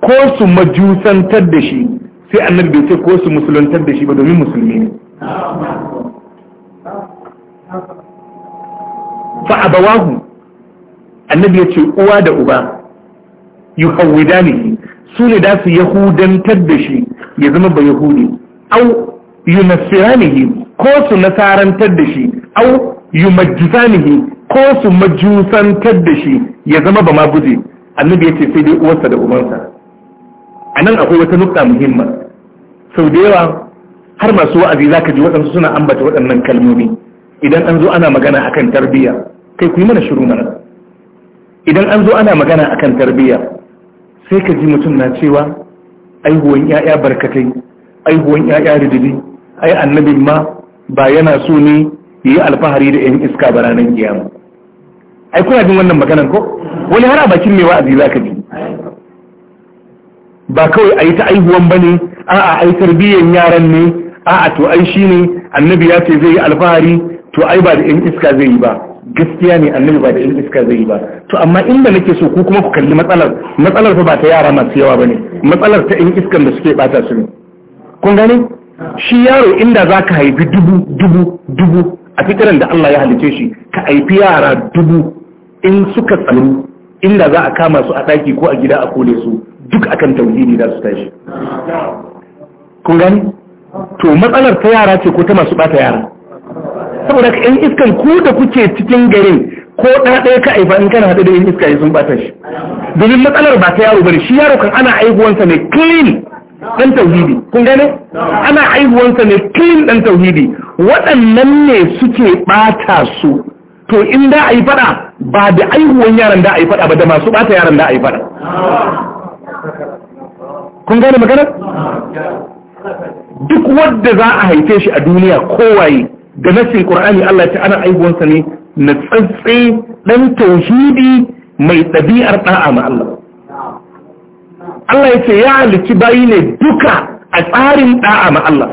ko su majusantar da shi sai annabi bai ce ko su musuluntar da shi ba domin musulmi ne fa abawahu annabi ya ce uwa da uba yuhawwidanihi su ne da su yahudantar da shi ya zama ba yahudi au yunasiranihi ko su nasarantar da shi au yumajjisanihi ko su majusantar da shi ya zama ba ma buje, annabi ya ce sai dai uwarsa da ubansa a nan akwai wata nukta muhimma sau da yawa har masu wa'azi za ka ji waɗansu suna ambata waɗannan kalmomi idan an zo ana magana akan tarbiyya kai ku yi mana shiru mana idan an zo ana magana akan tarbiyya sai ka ji mutum na cewa aihuwan 'ya'ya barkatai aihuwan 'ya'ya rididi ai annabin ma ba yana so ne yi alfahari da 'yan iska ba ranar kiyama ai kuna jin wannan maganan ko wani har a bakin mai wa'azi za ka ji ba kawai a yi ta aihuwan ba ne a'a ai tarbiyyan yaran ne a'a to ai shi ne annabi ya ce zai yi alfahari to ai ba da yan iska zai yi ba gaskiya ne annabi ba da yan iska zai yi ba to amma inda nake so ku kuma ku kalli matsalar matsalar fa ba ta yara masu yawa ba ne. matsalar ta yan iskan da suke bata su ne kun gane shi yaro inda za ka haifi dubu dubu dubu a fitiran da Allah ya halice shi ka haifi yara dubu in suka tsaru inda za a kama su a ɗaki ko a gida a kone su duk akan tauhidi da su tashi kun gani to matsalar ta yara ce ko ta masu bata yara saboda ka yan iskan ku da kuke cikin garin ko ɗaya ka aifa in kana haɗu da yan iska sun bata shi domin matsalar ba ta yaro bane shi yaro kan ana aihuwansa ne clean dan tauhidi kun gane ana aihuwansa ne clean dan tauhidi waɗannan ne suke bata su to in da a yi ba da aihuwan yaran da a yi ba da masu bata yaran da a yi kun gane magana duk wadda za a haife shi a duniya kowaye da nasin ƙorani Allah ta ana aibuwansa ne na tsantsi ɗan tauhidi mai ɗabi'ar ɗa'a ma Allah Allah ya ce ya halici bayi ne duka a tsarin ɗa'a ma Allah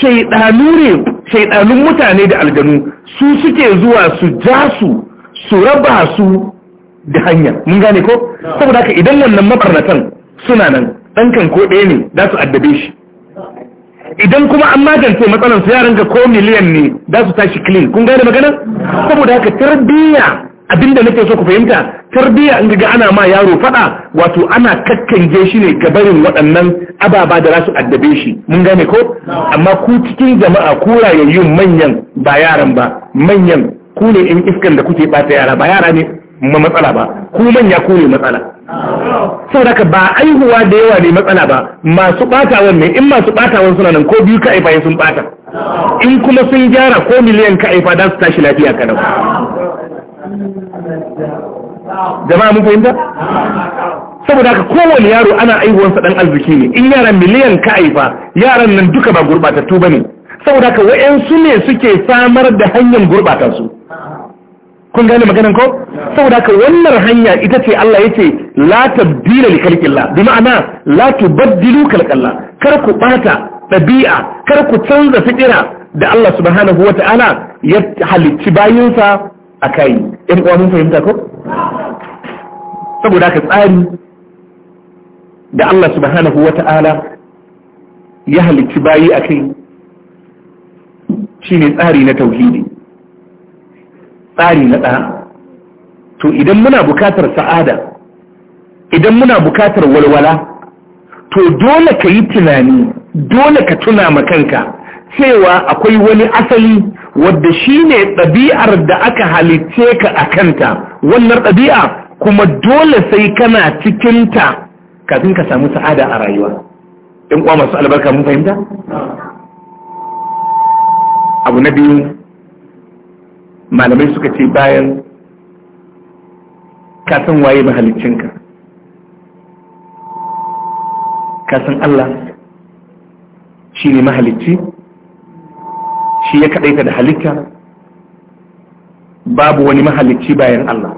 shaiɗanu mutane da alganu su suke zuwa su ja su su raba su da hanya mun gane ko saboda haka idan wannan makarnatan suna nan ɗankan ko ɗaya ne za su addabe shi idan kuma an magance matsalar su yaranka ko miliyan ne za su tashi clean kun gane magana saboda haka tarbiyya abinda nake so ku fahimta tarbiyya in ga ana ma yaro fada wato ana kakkange shi ne ga barin waɗannan ababa da za su addabe shi mun gane ko amma ku cikin jama'a ku rayayyun manyan ba yaran ba manyan ku ne in iskan da kuke bata yara ba yara ne matsala ba ku manya ku ne matsala saboda ba aihuwa da yawa ne matsala ba masu batawan ne in masu batawan suna nan ko biyu ka aifa sun bata in kuma sun gyara ko miliyan ka aifa da su tashi lafiya kana jama'a mun fahimta saboda haka kowane yaro ana aihuwansa dan arziki ne in yaran miliyan ka aifa yaran nan duka ba gurbatattu bane saboda haka wayansu ne suke samar da hanyar gurbata su kun gane maganan ko saboda haka wannan hanya ita ce Allah ya yace la tabdila li khalqillah bi ma'ana la tubaddilu khalqillah kar ku bata dabi'a kar ku canza fitira da Allah subhanahu wata'ala ya halicci bayinsa akai in uwa mun fahimta ko saboda haka tsari da Allah subhanahu wata'ala ya halicci bayi akai shine tsari na tauhidi tsari na ɗa to idan muna bukatar sa'ada idan muna bukatar walwala to dole ka yi tunani dole ka tuna makanka cewa akwai wani asali wadda shi ne ɗabi'ar da aka halicce ka a kanta wannan ɗabi'a kuma dole sai kana cikinta kafin ka samu sa'ada a rayuwa in kwa masu albarka mun fahimta abu na biyu malamai suka ce bayan ka san waye mahalicinka ka Allah shi ne mahalicci shi ya kaɗaita da halitta babu wani mahalicci bayan Allah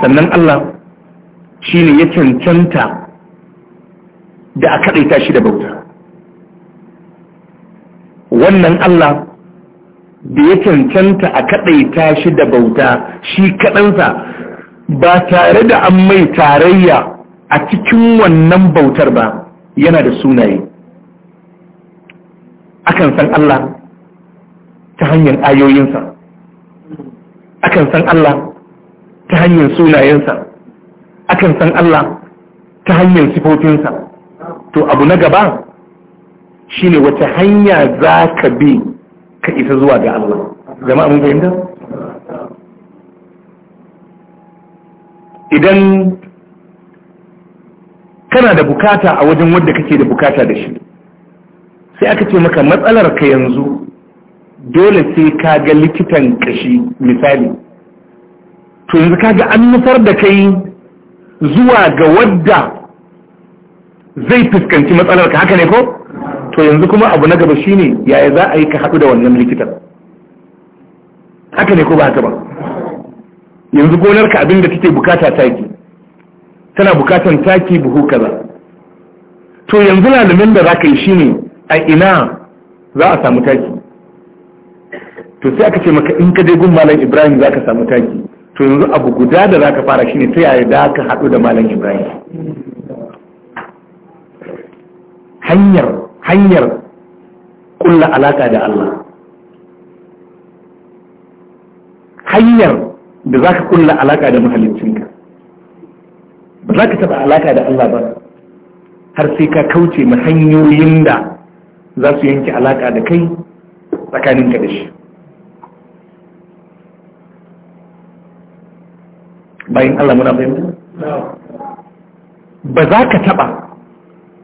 sannan Allah shi ne ya cancanta da a kaɗaita shi da bauta wannan Allah da ya cancanta a kaɗaita shi da bauta shi kaɗansa ba tare da an mai tarayya a cikin wannan bautar ba yana da sunaye akan san Allah ta hanyar ayoyinsa akan san Allah ta hanyar sunayensa akan san Allah ta hanyar sifofinsa to abu na gaba shine wace hanya za ka bi ka isa zuwa ga Allah jama'a mun fahimta idan kana da bukata a wajen wadda kake da bukata da shi sai aka ce maka matsalar ka yanzu dole sai ka ga likitan kashi misali to yanzu ka ga an nufar da kai zuwa ga wadda zai fuskanci matsalar ka haka ne ko to yanzu kuma abu na gaba shine yaya za a yi ka haɗu da wannan likitan haka ne ko ba haka ba yanzu gonarka abin da take bukata taki tana bukatan taki buhu kaza to yanzu lalumin da za ka yi shine a ina za a samu taki to sai aka ce maka in ka dai gun malam ibrahim za ka samu taki to yanzu abu guda da za ka fara shine ta yaya da ka haɗu da malam ibrahim hanyar hanyar kulla alaka da Allah hanyar da za ka kulla alaka da mahalicinka ba za ka taɓa alaka da Allah ba har sai ka kauce ma hanyoyin da za su yanke alaka da kai tsakaninka da shi bayan Allah muna fahimta ba za ka taɓa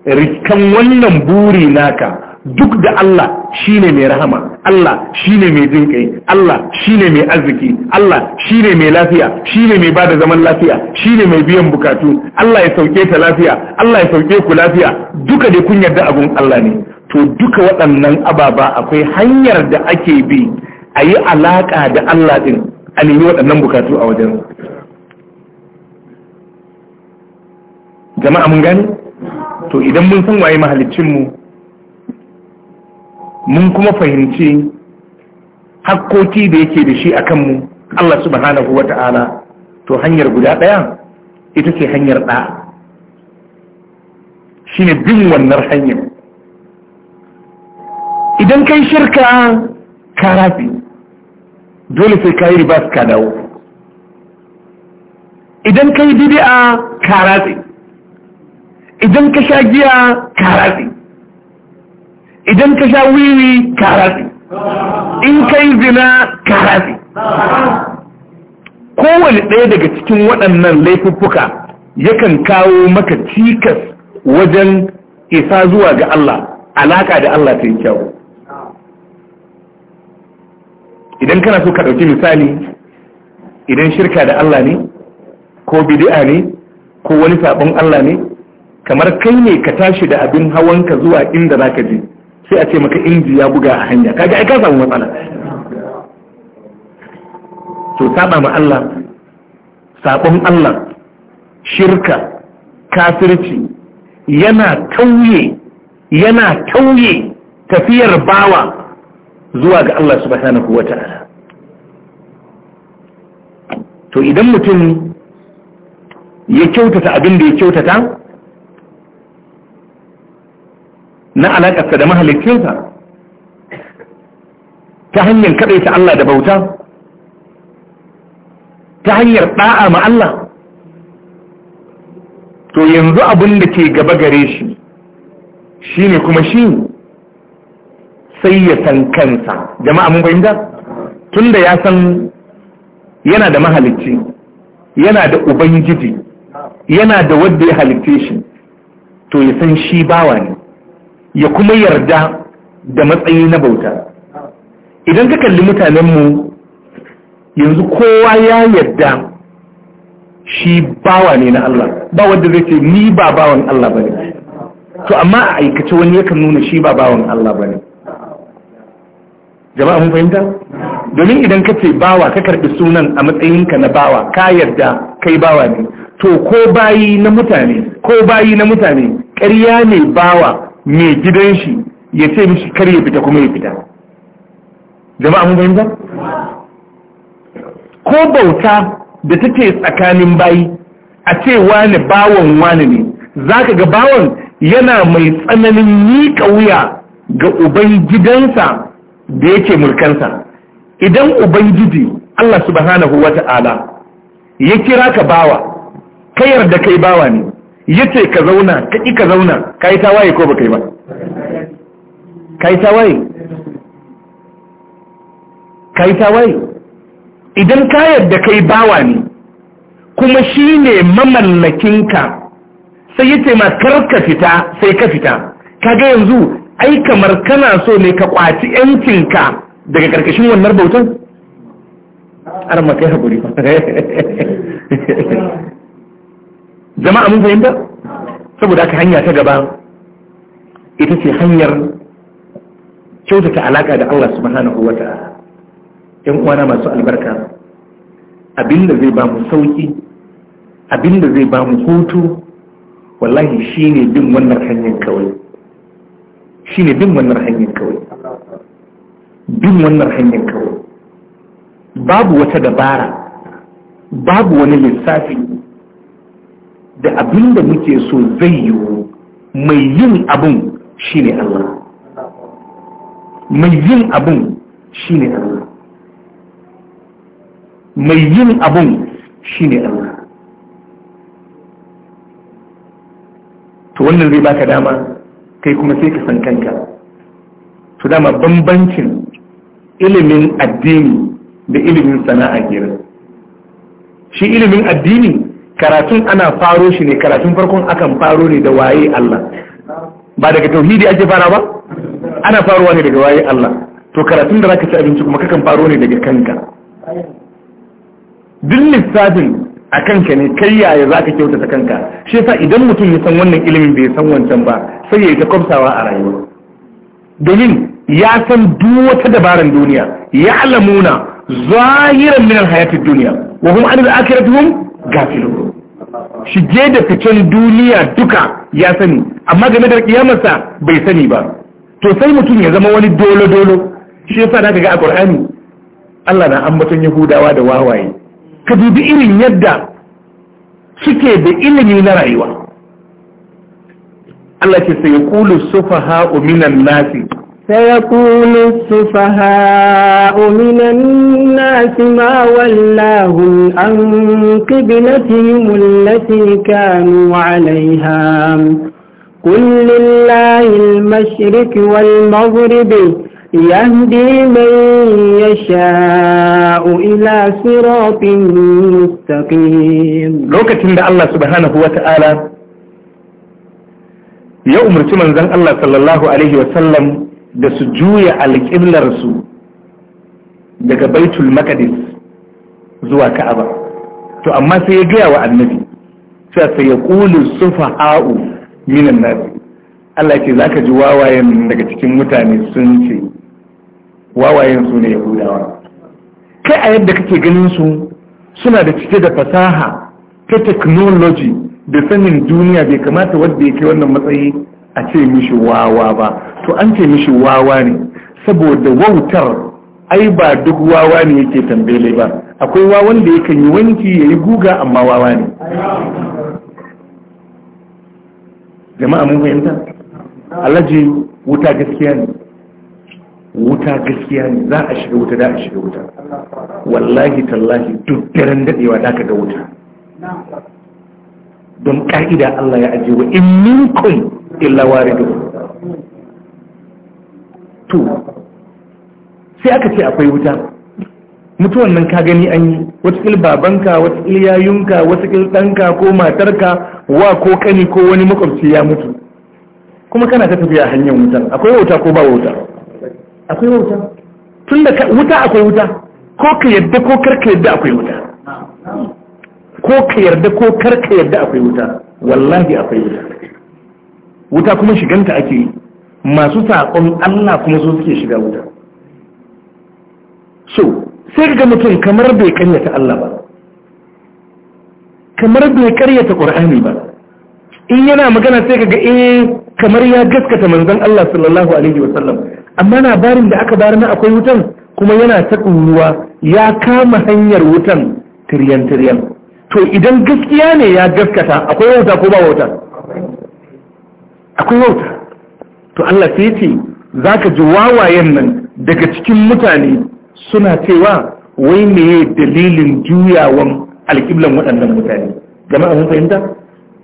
rikan wannan buri naka duk da Allah shine mai rahama Allah shine mai jin kai Allah shine mai arziki Allah shine mai lafiya shine mai bada zaman lafiya shine mai biyan bukatu Allah ya sauke ta lafiya Allah ya sauke ku lafiya duka dai kun yarda abun Allah ne to duka waɗannan ababa akwai hanyar da ake bi a yi alaƙa da Allah ɗin a nemi waɗannan bukatu a wajen jama'a mun gani to idan mun san waye mahalicinmu mun kuma fahimci hakkoki da yake da shi a kanmu Allah subhanahu wa ta'ala to hanyar guda ɗaya ita ce hanyar ɗa shi ne bin wannan hanyar idan kai shirka ka rafi dole sai ka yi ribas ka dawo idan kai bid'a ka ratse idan ka sha giya ka idan ka sha wiwi ka in ka yi zina ka ratsi kowane ɗaya daga cikin waɗannan laifuffuka yakan kawo maka cikas wajen isa zuwa ga Allah alaka da Allah ta yi kyau idan kana so ka ɗauki misali idan shirka da Allah ne ko bidi'a ne ko wani sabon Allah ne kamar kai ne ka tashi da abin hawan ka zuwa inda za ka je sai a ce maka inji ya buga a hanya kaga ai ka samu matsala to saba ma Allah sabon Allah shirka kafirci yana tauye yana tauye tafiyar bawa zuwa ga Allah subhanahu wata'ala to idan mutum ya kyautata abin da ya kyautata na alaƙarsa da mahalicinsa ta hanyar kaɗai ta Allah da bauta ta hanyar ɗa'a ma Allah to yanzu abin da ke gaba gare shi shi ne kuma shi sai ya san kansa jama'a mun fahimta tun da ya san yana da mahalicci yana da ubangiji yana da wadda ya halitte shi to ya san shi bawa ne ya kuma yarda da matsayi na bauta idan ka kalli mutanenmu yanzu kowa ya yarda shi bawa ne na Allah ba wanda zai ce ni ba bawan Allah ba ne to amma a aikace wani yakan nuna shi ba bawan Allah ba ne jama'a mun fahimta domin idan ka ce bawa ka karɓi sunan a matsayinka na bawa ka yarda kai bawa ne to ko bayi na mutane ko bayi na mutane ƙarya ne bawa mai gidan shi ya ce mishi kar ya fita kuma ya fita jama'a mun fahimta ko bauta da take tsakanin bayi a ce wani bawon wani ne zaka ga bawon yana mai tsananin miƙa wuya ga ubangidansa da yake mulkansa idan ubangiji Allah subhanahu wata'ala ya kira ka bawa ka yarda kai bawa ne ya ce ka zauna ka ƙi ka zauna ka yi tawaye ko ba ka yi ba ka yi tawaye ka yi tawaye idan ka yadda kai bawa ne kuma shi ne mamallakinka sai ya ce ma karka fita sai ka fita kaga yanzu ai kamar kana so ne ka kwaci yankinka daga karkashin wannan bautan har makai haƙuri jama'a mun fahimta saboda haka hanya ta gaba ita ce hanyar kyautata alaka da Allah subhanahu ta'ala yan uwana masu albarka abinda zai ba mu sauki abinda zai ba mu hutu wallahi shine bin wannan hanyar kawai shine bin wannan hanyar kawai bin wannan hanyar kawai babu wata dabara babu wani lissafi da abin da muke so zai yiwu mai yin abin ne Allah mai yin abin ne Allah mai yin abin ne Allah to wannan zai baka dama kai kuma sai ka san kanka to dama bambancin ilimin addini da ilimin sana'a gira shi ilimin addini karatun ana faro shi ne karatun farkon akan faro ne da waye Allah ba daga tauhidi ake fara ba ana farowa ne daga waye Allah to karatun da zaka ci abinci kuma kakan faro ne daga kanka duk lissafin a kanka ne kai yaya zaka kyautata kanka shi yasa idan mutum ya san wannan ilimin bai san wancan ba sai ya yi ta kwamsawa a rayuwa domin ya san duk wata dabaran duniya ya alamuna zahiran minan hayatid duniya wa kuma an al-akhirati hum gafilun shige da fitan duniya duka ya sani amma game da kiyamarsa bai sani ba to sai mutum ya zama wani dolo dolo shi yasa da ga a Qur'ani Allah na ambaton Yahudawa da wawaye ka dubi irin yadda suke da ilimi na rayuwa Allah ke sai ya kulu sufaha'u minan nasi سيقول السفهاء من الناس ما ولاهم عن قبلتهم التي كانوا عليها قل لله المشرك والمغرب يهدي من يشاء إلى صراط مستقيم لوكت عند الله سبحانه وتعالى يوم رسول الله صلى الله عليه وسلم da su juya alƙiblarsu daga baitul makadis zuwa ka'aba to amma sai ya gaya wa annabi sai sai ya ƙulu sufaha'u ha'u minan Allah ce za ji wawayen daga cikin mutane sun ce wawayen su ne yahudawa kai a yadda kake ganin su suna da cike da fasaha ta technology da sanin duniya bai kamata wanda ya wannan matsayi a ce mishi wawa ba to an ce mishi wawa ne saboda wautar ai ba duk wawa ne yake tambele ba akwai wawan da yakan yi wanki ya yi guga amma wawa ne jama'a mun fahimta alhaji wuta gaskiya ne wuta gaskiya ne za a shiga wuta da a shiga wuta wallahi tallahi duk daren dadewa da ka ga wuta don ka'ida Allah ya ajiye wa in minkum illa waridu to sai aka ce akwai wuta mutuwan nan ka gani an yi watakil babanka watakil yayunka watakil ɗanka ko matarka wa ko kani ko wani makwabci ya mutu kuma kana ta tafiya hanyar wuta akwai wuta ko ba wuta akwai wuta tun da wuta akwai wuta ko ka yadda ko karka yadda akwai wuta ko ka yarda ko karka yadda akwai wuta wallahi akwai wuta wuta kuma shiganta ake yi masu saƙon Allah kuma su suke shiga wuta so sai ga mutum kamar bai karyata Allah ba kamar bai karyata ƙur'ani ba in yana magana sai ka ga eh kamar ya gaskata manzon Allah sallallahu alaihi wasallam amma labarin da aka bari na akwai wutan kuma yana ta ruwa ya kama hanyar wutan tiryan tiryan to idan gaskiya ne ya gaskata akwai wuta ko ba wuta? akwai wauta to Allah sai ce za ka ji wawayen nan daga cikin mutane suna cewa wai meye dalilin juyawan alƙiblan waɗannan mutane game a fahimta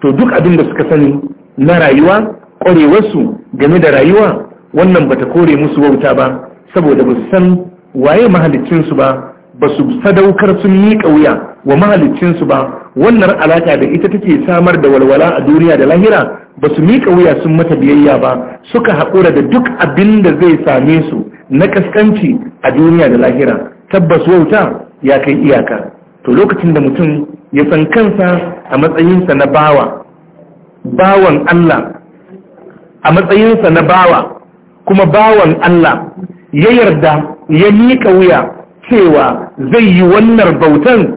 to duk abin da suka sani na rayuwa ƙwarewarsu game da rayuwa wannan bata kore musu wauta ba saboda ba su san waye mahalicinsu ba ba su sadaukar sun miƙa wuya wa mahalicinsu ba wannan alaƙa da ita take samar da walwala a duniya da lahira ba su miƙa wuya sun mata biyayya ba suka haƙura da duk abin da zai same su na kaskanci a duniya da lahira tabbas wauta ya kai iyaka to lokacin da mutum ya san kansa a matsayinsa na bawa bawan Allah a matsayinsa na bawa kuma bawan Allah ya yarda ya miƙa wuya cewa zai yi wannan bautan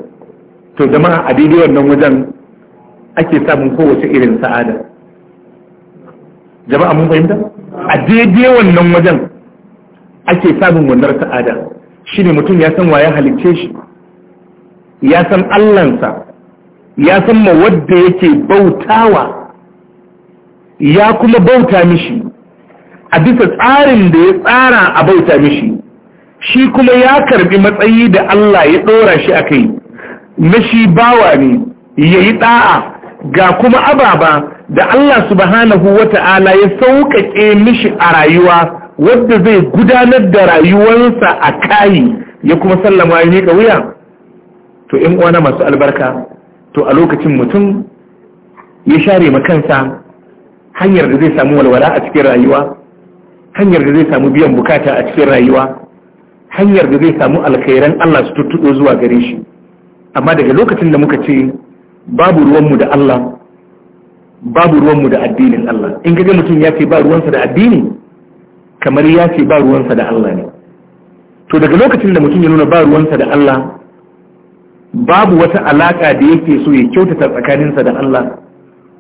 to jama'a a daidai wannan wajen ake samun kowace irin sa'ada jama'a mun fahimta a daidai wannan wajen ake samun wannan sa'ada shi ne mutum ya san ya halicce shi ya san allansa ya san ma wadda yake bautawa ya kuma bauta mishi a bisa tsarin da ya tsara a bauta mishi shi kuma ya karbi matsayi da Allah ya ɗora shi a kai na shi bawa ne ya yi ɗa'a ga kuma ababa da Allah subhanahu wa ta'ala ya sauƙaƙe mishi a rayuwa wadda zai gudanar da rayuwarsa a kayi ya kuma sallama ya miƙa wuya to in uwana masu albarka to a lokacin mutum ya share makansa hanyar da zai samu walwala a cikin rayuwa hanyar da zai samu biyan bukata a cikin rayuwa hanyar da zai samu alkhairan Allah su tuttuɗo zuwa gare shi amma daga lokacin da muka ce babu ruwanmu da Allah babu ruwanmu da addinin Allah in ga mutum ya ce ba ruwansa da addini kamar ya ce ba ruwansa da Allah ne to daga lokacin da mutum ya nuna ba ruwansa da Allah babu wata alaka da yake so ya kyautata tsakaninsa da Allah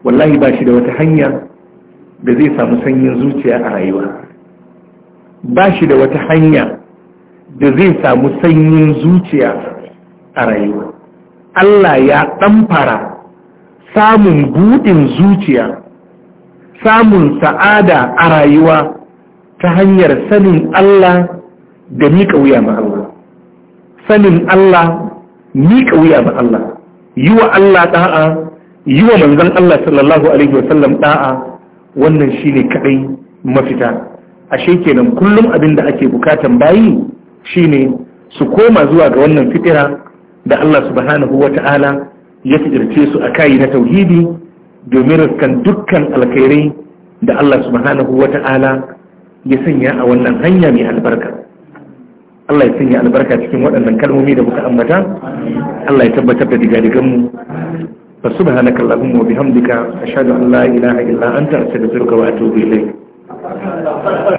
wallahi ba shi da wata hanya da zai samu sanyin zuciya a rayuwa ba shi da wata hanya da zai samu sanyin zuciya a rayuwa Allah ya ɗamfara samun buɗin zuciya samun sa'ada a rayuwa ta hanyar sanin Allah da miƙa wuya ma Allah sanin Allah miƙa wuya ma Allah yi wa Allah ɗa'a yi wa manzan Allah sallallahu alaihi wasallam ɗa'a wannan shi ne kaɗai mafita ashe kenan kullum abin da ake bukatan bayi shine su koma zuwa ga wannan fitira da Allah subhanahu wata'ala ya fitirce su a kayi na tauhidi domin riskan dukkan alkhairai da Allah subhanahu wata'ala ya sanya a wannan hanya mai albarka Allah ya sanya albarka cikin waɗannan kalmomi da muka ambata Allah ya tabbatar da diga-diganmu. digadiganmu fa subhanaka allahumma wa bihamdika ashhadu an la ilaha illa anta astaghfiruka wa atubu ilayk